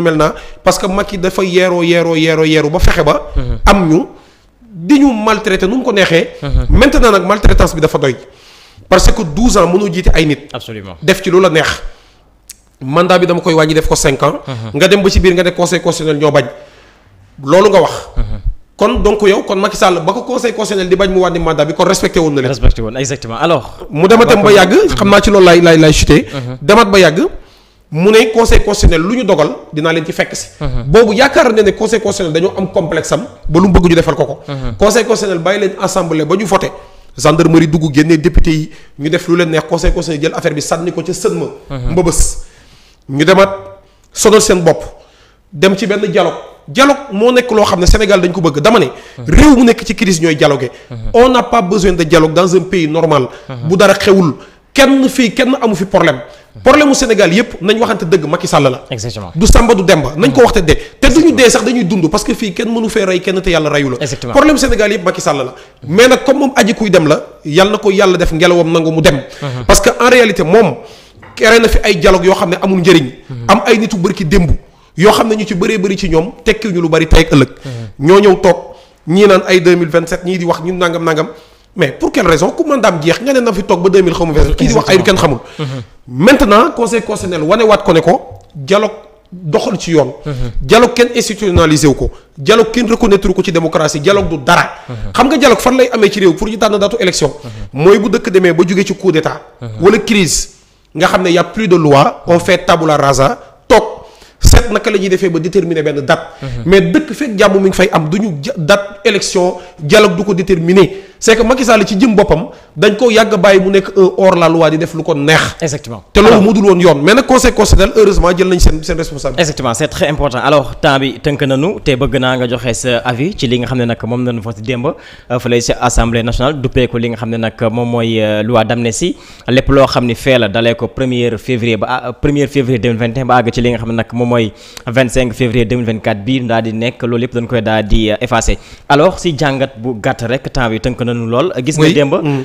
mel parce que Macky dafa yeeroo yeeroo yeeroo yeeru ba fexe ba. am ñu di ñu maltraité nu mu ko neexee. Mhm. maintenant nag maltraitance bi dafa doy. parce que 12 ans mënoo jiite ay nit. absolument def ci lu la neex. mandat bi dama koy wàññi def ko 5 ans. Mhm. nga dem ba ci biir nga ne conseil constitutionnel ñoo bañ. loolu nga wax. Mhm. kon donc yow kon Macky Sall ba ko conseil constitutionnel di bañ mu wàññi mandat bi kon respecté woon na leen. respecté woon exactement alors. mu dematam ba yàgg. xam naa ci loolu laay laay laay chuté. demat ba yàgg. mu ne conseil constitutionnel lu ñu dogal dinaa leen ci fekk si. Uh-huh. boobu yaakaar a na ne conseil constitutionnel dañoo am complexe ba lu mu bëgg ñu defal ko ko. Uh-huh. conseil constitutionnel bàyyi leen assemblée ba ñu voté gendarmerie dugg génnee député yi ñu def lu leen neex conseil constitutionnel jël affaire bi ni ko ca sën ma. Uh-huh. mbëbës ñu demaat sonal seen bopp dem ci benn dialogue. dialogue moo nekk loo xam ne Sénégal dañ ko bëgg dama ne. réew mu nekk ci crise ñooy jaloge on n'a pas besoin de dialogue dans normal. bu dara xewul kenn fii kenn amu fi problème. problème mu Sénégal yëpp nañ waxante dëgg Macky Sall la. exactement du Samba du Demba nañ ko mm-hmm. waxte dee. te duñu dee sax dañuy dund parce que fii kenn mënu fee rey kenn te yàlla reyu la. exactement problème Sénégal yëpp Macky Sall la. mais nag comme moom aji kuy dem la yal na ko yàlla def ngelawam nangu mu dem. Mm-hmm. parce que en réalité moom kere na fi ay dialogue yoo xam ne amul njëriñ. Mm-hmm. am ay nitu bërki démb yoo xam ne ñu ci bëree bëri ci ñoom tekkiwuñu lu bari tey ak ëllëg. ñ ñëw toog ñii naan ay 2027 ñii di ne na fi maintenant conseil constitutionnel wane waat ko ne ko dialogue doxal ci yoon. Mhm. dialogue kenn institutionnalisé wu ko. dialogue kenn reconnaître ko ci démocratie dialogue du dara. Mhm. xam nga dialogue fan lay amee ci réew pour ñu tànn datu élection. Mhm. mooy bu dëkk demee ba jógee ci coup d'état. wala crise nga xam ne y a plus de loi on fait tabula rasa toog. seet naka la ñuy defee ba déterminer benn dat mais dëkk fekk jàmm mi ngi fay am du ñu dat élection dialogue du ko déterminer. c'est que Macky Sall ci jëm boppam dañ ko yàgg bàyyi mu nekk un hors la loi di def lu ko neex. exactement te loolu mu dul woon yoon mais nag conseil constitutionnel heureusement jël nañ seen seen exactement c'est très important alors temps tënk nañu te bëgg naa ne euh, euh, loo xam ne fee la dalee premier février ba euh, premier février 2021 ba àgg ci li nga moom mooy 25 février 2024 bii daal di nekk loolu yëpp dañ koy daal di effacer alors si jàngat bu gàtt lool. gis démb. Mm.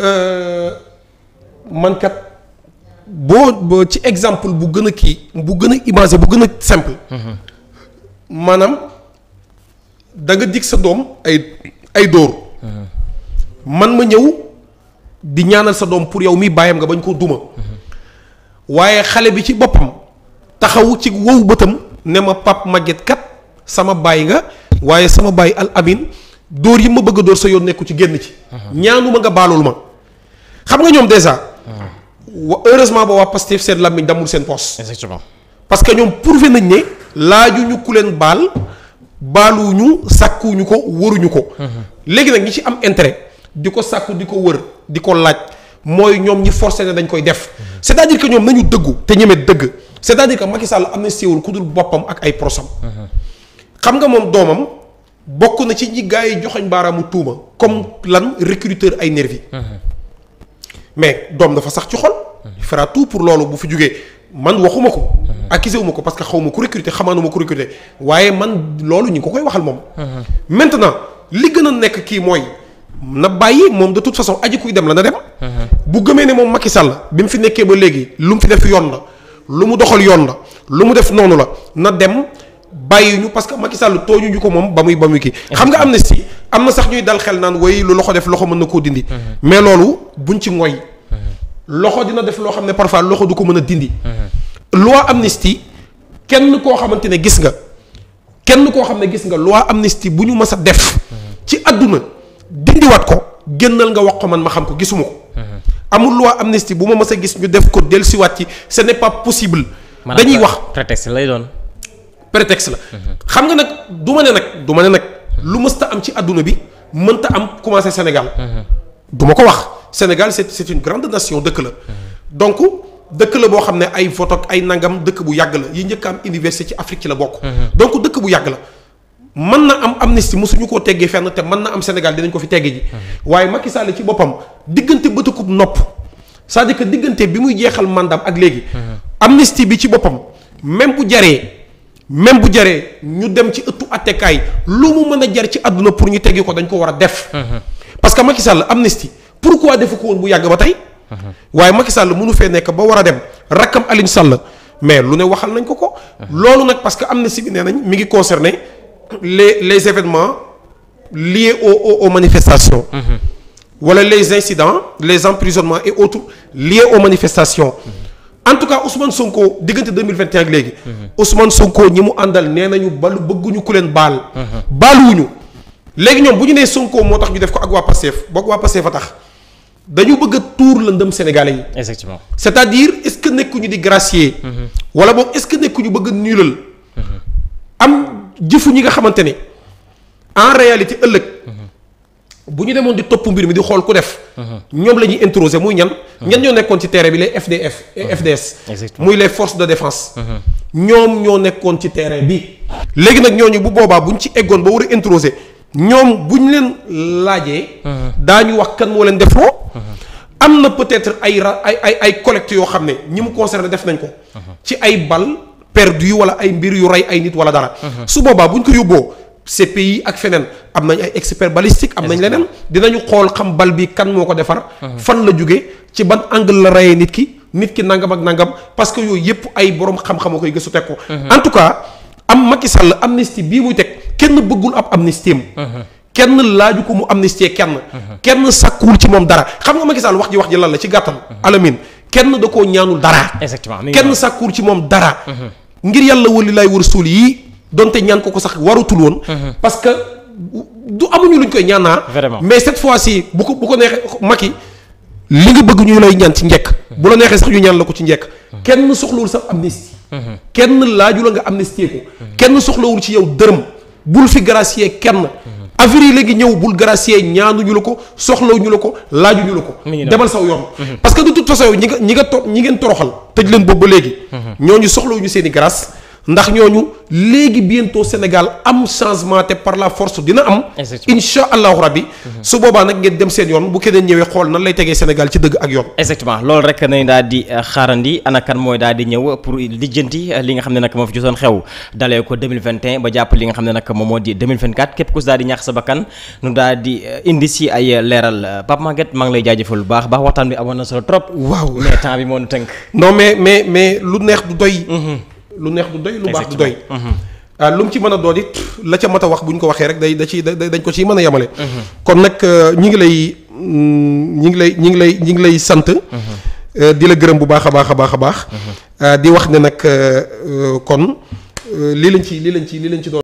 Euh, mankat boo ci exemple bu gën a kii bu gën a imagé bu gën a simple. Mm-hmm. maanaam danga digg sa doom ay ay dóor. Mm-hmm. man ma ñëw di ñaanal sa doom pour yow mi bàyyam nga bañ koo duma. Mm-hmm. waaye xale bi ci boppam taxaw ci wow bëtam ne ma pap Maguette kat sama baay nga waaye sama baay al amin dóor yi ma bëgg a dóor sa yoon nekku ci génn ci. ñaanuma nga baalool ma. xam nga ñoom déjà. wa heureusement ba waa Pastef seen làmmiñ damul seen poos. exactement parce que ñoom prouvé nañ ne laajuñu ku leen baal ñu sàkkuñu ko wëruñu ko. Mhm. léegi nag ñi ci am intérêt di ko sàkku di ko wër di ko laaj mooy ñoom ñi forcé ne dañ koy def. Mhm. c'est-à-dire que ñoom nañu dëggu te ñeme dëgg. c'est-à-dire que Macky am na séewul ku dul boppam ak ay prosam. Mhm. xam nga moom doomam bokk na ci ñi gars yi joxoñ baaraamu tuuma comme lan recruteur ay nervi mais doom dafa sax ci xol. il fera tout pour loolu bu fi jugee man waxuma ko. accusé wu ko parce que xaw ma ko recruter xamaanu ma ko waaye man loolu ñu ngi ko koy waxal moom. maintenant li gën a nekk kii mooy na bàyyi moom de toute façon aji kuy dem la na dem. bu gëmee ne moom Macky la bi mu fi nekkee ba léegi lu mu fi def yoon la lu mu doxal yoon la lu mu def noonu la na dem. bàyyi ñu parce que Macky Sall tooñu ñu ko moom ba muy ba muy kii. xam nga am na si am na sax ñuy dal xel naan way lu loxo def loxo mën na koo dindi. Mhm. mais loolu buñ ci ngoy mhm. loxo dina def loo xam ne parfois loxo du ko mën a dindi. Mhm. loi amnistie kenn koo xamante ne gis nga kenn koo xam ne gis nga loi amnistie bu ñu mës a def. ci àdduna dindiwaat ko génnal nga wax ko man ma xam ko gisuma ko. amul loi amnistie bu ma mës a gis ñu def ko dellusiwaat ci ce n'est pas possible. dañuy wax prétexte lay doon. prétexte la. xam nga nag du ma ne nag du ma ne nag lu mësta am ci àdduna bi mënta am commencé Sénégal. du ma ko wax Sénégal c'est c'est une grande nation dëkk la. donc dëkk la boo xam ne ay vote ay nangam dëkk bu yàgg la yi njëkk am université ci Afrique ci la bokk. donc dëkk bu yàgg la. mën na am amnistie mosuñu koo teggee fenn te mën na am Sénégal dinañ ko fi teggee ji. waaye Macky Sall ci boppam diggante bëtukub nopp cest à que diggante bi muy jeexal mandaam ak léegi. amnistie bi ci boppam même bu jaree même bu jaree ñu dem ci ëttu attekaay loo mu mën a jar ci àdduna pour ñu teggi ko dañ ko war a def. Mhm. parce que Macky Sall amnistie pourquoi defu ko woon bu yàgg ba tey. Mhm. waaye Macky Sall mënu fee nekk ba war a dem rakkam Aliou Sall mais lu ne waxal nañ ko ko. Mhm. loolu nag parce que amnistie bi nee nañ mi ngi concerné les les événements liés au au manifestations. wala les incidents les emprisonnements et auto liés au manifestations. en tout cas Ousmane Sonko diggante 2021 ak léegi. Ousmane Sonko ñi mu àndal nee nañu balu bëgguñu ku leen baal. baal wu ñu léegi ñoom bu ñu nee Sonko moo tax ñu def ko ak waa Pastef boo ko waa a tax dañu bëgg a tuur la ndëm sénégalais yi. exactement c'est-à-dire est-ce que nekkuñu di gracier. Mm-hmm. wala boog est-ce que nekkuñu bëgg a mm-hmm. am jëfu ñi nga xamante ne en réalité ëllëg. Mm-hmm. bu ñu demoon di topp mbir mi di xool ku def. ñoom la ñuy introsé muy ñan. ñan ñoo nekkoon ci terrain bi les FDF et FDS. muy les force de défense. Uh-huh. ñoom ñoo nekkoon ci terrain bi. léegi nag ñooñu bu boobaa bu ñu ci eggoon ba war a introsé ñoom bu ñu leen laajee. Uh-huh. daa ñu wax kan moo leen def loo. Uh-huh. am na peut-être ay ay ay ay collecte yoo xam ne ñi mu concerné def nañ ko. ci ay bal perdu wala ay mbir yu rey ay nit wala dara. su boobaa bu ñu ko yóbboo. CPI ak feneen am nañ ay experts balistiques am nañ leneen dinañu xool xam bal bi kan moo ko defar uh-huh. fan la jóge ci ban angle la reyee nit ki nit ki nangam ak nangam parce que yooyu yëpp ay borom xam-xam a koy gëstu teg ko uh-huh. en tout cas am Macky Sall amnistie bii muy teg kenn bëggul ab amnistie am uh-huh. kenn laaju ko mu amnistie kenn kenn sàkkuwul ci moom dara xam nga Macky Sall wax ji wax ji lal la ci gàttal alamin kenn da ko ñaanul dara exactement kenn sàkkuwul ci moom dara ngir yàlla wali suul yii donte ñaan ko ko sax warutul woon. Mhm. parce que du amuñu luñ koy ñaanaa. vraiment mais cette fois si bu ko bu ko neexee Macky li nga bëgg ñu lay ñaan ci njekk bu la neexee sax ñu ñaan la ko ci njekk mhm. kenn soxlawul sax amnistie. Mhm. kenn laaju la nga amnistie ko. kenn soxlawul ci yow dërëm bul fi gracier kenn. avril léegi ñëw bul gracier ñu la ko soxlawuñu la ko laajuñu la ko. demal saw yoon. parce que de toute façon yow ñi nga ñi nga to ñi ngeen toroxal. tëj leen boobu ba léegi. ñooñu soxlawuñu seen i ndax ñooñu léegi bientôt Sénégal am changement te par la force dina am. incha allahu rabbi mhm. su boobaa nag ngeen dem seen yoon bu keneen ñëwee xool na lay tegee Sénégal ci dëgg ak yoon. exactement loolu rek nañ daal di euh, xaarandi ana mooy daal di ñëw pour lijjanti euh, li nga xam ne nag moo fi jotoon xew dalee ko 2021 ba jàpp li nga xam ne nag moom moo di 2024 képp ku si daal di ñaax sa bakkan nu daal di euh, indi si ay leeral Pape Maguette maa ngi lay jaajëfal bu baax baax waxtaan bi amoon na solo trop. waaw mais temps lu neex du doy lu baax du doy mhm. ah, lu mu ci mën a doon it la ca mat a wax bu ñu ko waxee rek day da ci dañ ko ciy mën a yemale mhm. kon nag euh, ñi ngi lay mm, ñi ngi lay ñi ngi lay ñi ngi lay sant mhm. euh, di la gërëm bu baax a baax a baax a baax ah, di wax ne nag euh, kon li lañ ci lii lañ ci lii lañ ci doon